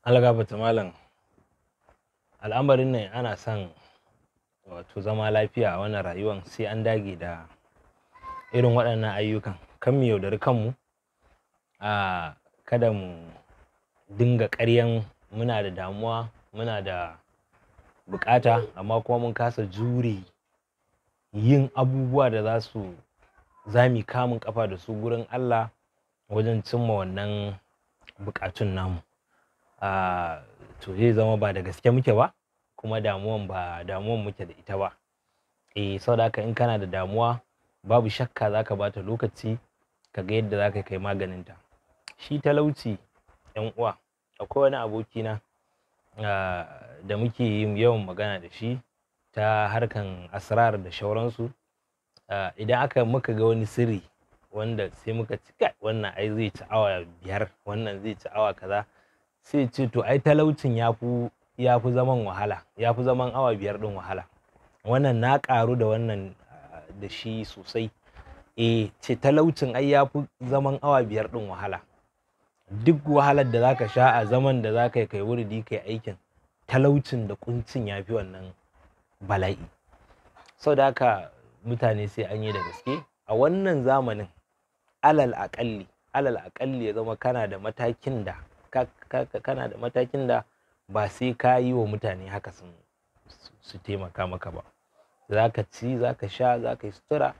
alaga malam al'amarin nan ana son wato zama lafiya a wannan rayuwan sai an dage da irin waɗannan ayyukan kan mu yaudari kanmu a kada mu dinga ƙaryan muna da damuwa muna da buƙata amma kuma mun kasa jure yin abubuwa da za su zami kamun ƙafa da su gurin Allah wajen cimma wannan bukatun namu to zai zama ba da gaske muke ba kuma damuwan ba damuwan muke da ita ba eh saboda haka in kana da damuwa babu shakka zaka bata lokaci ka ga yadda zaka kai maganin ta shi talauci yan uwa akwai wani aboki na da muke yawan magana da shi ta harkan asrar da shauransu idan aka muka ga wani sirri wanda sai muka ci wannan ai zai ci awa biyar wannan zai ci awa kaza sai ce to ai talaucin ya fi ya fi zaman wahala ya fi zaman awa biyar din wahala wannan na karu da wannan ah, da shi sosai e ce talaucin ai ya fi zaman awa biyar din wahala duk wahalar da zaka sha a zaman da zaka kai wuridi kai aikin talaucin da kuncin ya fi wannan bala'i sau da haka mutane sai an yi da gaske a wannan zamanin alal akalli alal aƙalli ya zama kana da matakin da kana da matakin da ba sai ka yi wa mutane haka sun su taimaka maka ba za ka ci za ka sha za ka yi sutura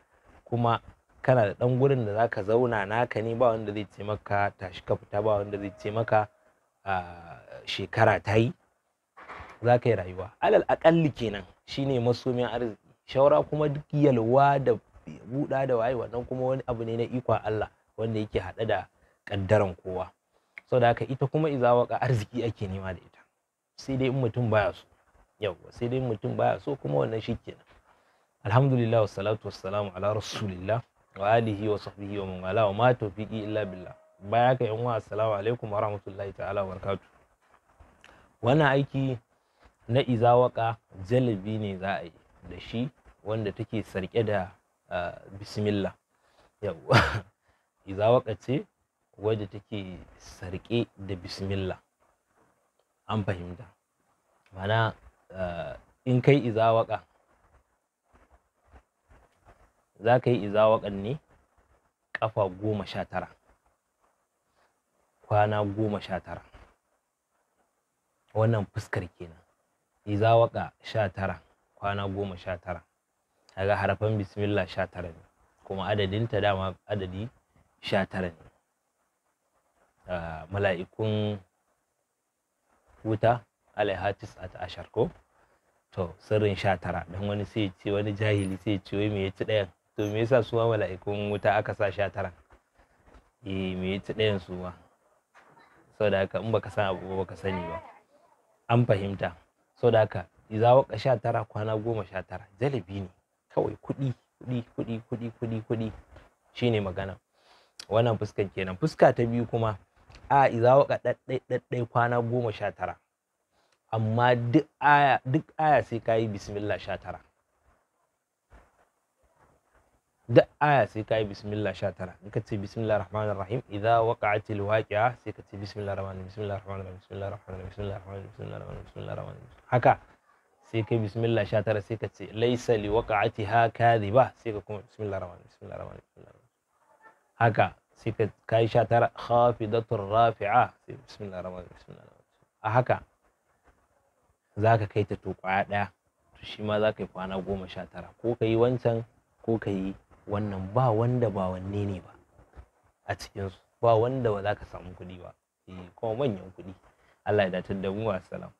kuma kana da ɗan gurin da za ka zauna naka ne ba wanda zai ce maka tashi ka fita ba wanda zai ce maka shekara ta yi za ka yi rayuwa alal aƙalli kenan shine masomin arziki shaura kuma duk yalwa da buɗa da wayewa, nan kuma wani abu ne na ikon Allah wanda yake haɗe da ƙaddaran kowa saboda haka ita kuma waka arziki ake nema da ita sai dai in mutum baya so yawwa sai dai mutum baya so kuma wannan shikenan alhamdulillah wassalatu wassalamu ala rasulillah wa alihi wa sahbihi wa man wala wa ma tawfiqi illa billah baya ka yan wa assalamu alaikum wa rahmatullahi ta'ala wa barakatuh wannan aiki na iza waka jalabi ne za a yi da shi wanda take sarke da ah, bismillah iza waka ce wadda take sarƙe da bismillah an fahimta mana eh, in kai izawaka za ka yi izawakan ne ƙafa goma sha tara kwana goma sha tara wannan fuskar kenan izawaka sha tara kwana goma sha tara daga harafan bismillah sha tara ne kuma adadinta dama adadi sha tara ne mala'ikun wuta alaiha tis'at ashar ko to sirrin sha tara dan wani sai ce wani jahili sai ce wai me yaci ɗayan to me yasa suwa mala'ikun wuta aka sa sha tara eh me yaci ɗayan suwa saboda haka in baka san abu baka sani ba an fahimta saboda haka iza waka sha tara kwana goma sha tara jalabi ne kawai kuɗi kuɗi kuɗi kudi kudi shine magana wannan fuskar kenan fuska ta biyu kuma a iza waka ɗaɗɗai kwana goma sha tara amma duk aya duk aya sai ka yi bismillah sha tara duk aya sai ka yi bismillah sha tara in ka ce bismillah rahman rahim idan waka ce waƙiya sai ka ce bismillah rahman bismillah rahman bismillah rahman bismillah rahman bismillah rahman bismillah rahman haka sai kai bismillah sha tara sai ka ce laisa li waqa'ati ha kadhiba sai ka kuma bismillah rahman bismillah rahman bismillah haka sai ka kai sha tara khafidatur rafi'a sai a haka za ka kai ta to kwaya ɗaya to shi ma za ka yi kwana goma sha tara ko ka yi wancan ko ka yi wannan ba wanda ba wanne ne ba a cikinsu ba wanda ba za ka samu kuɗi ba kuma manyan kuɗi Allah ya datar da mu wa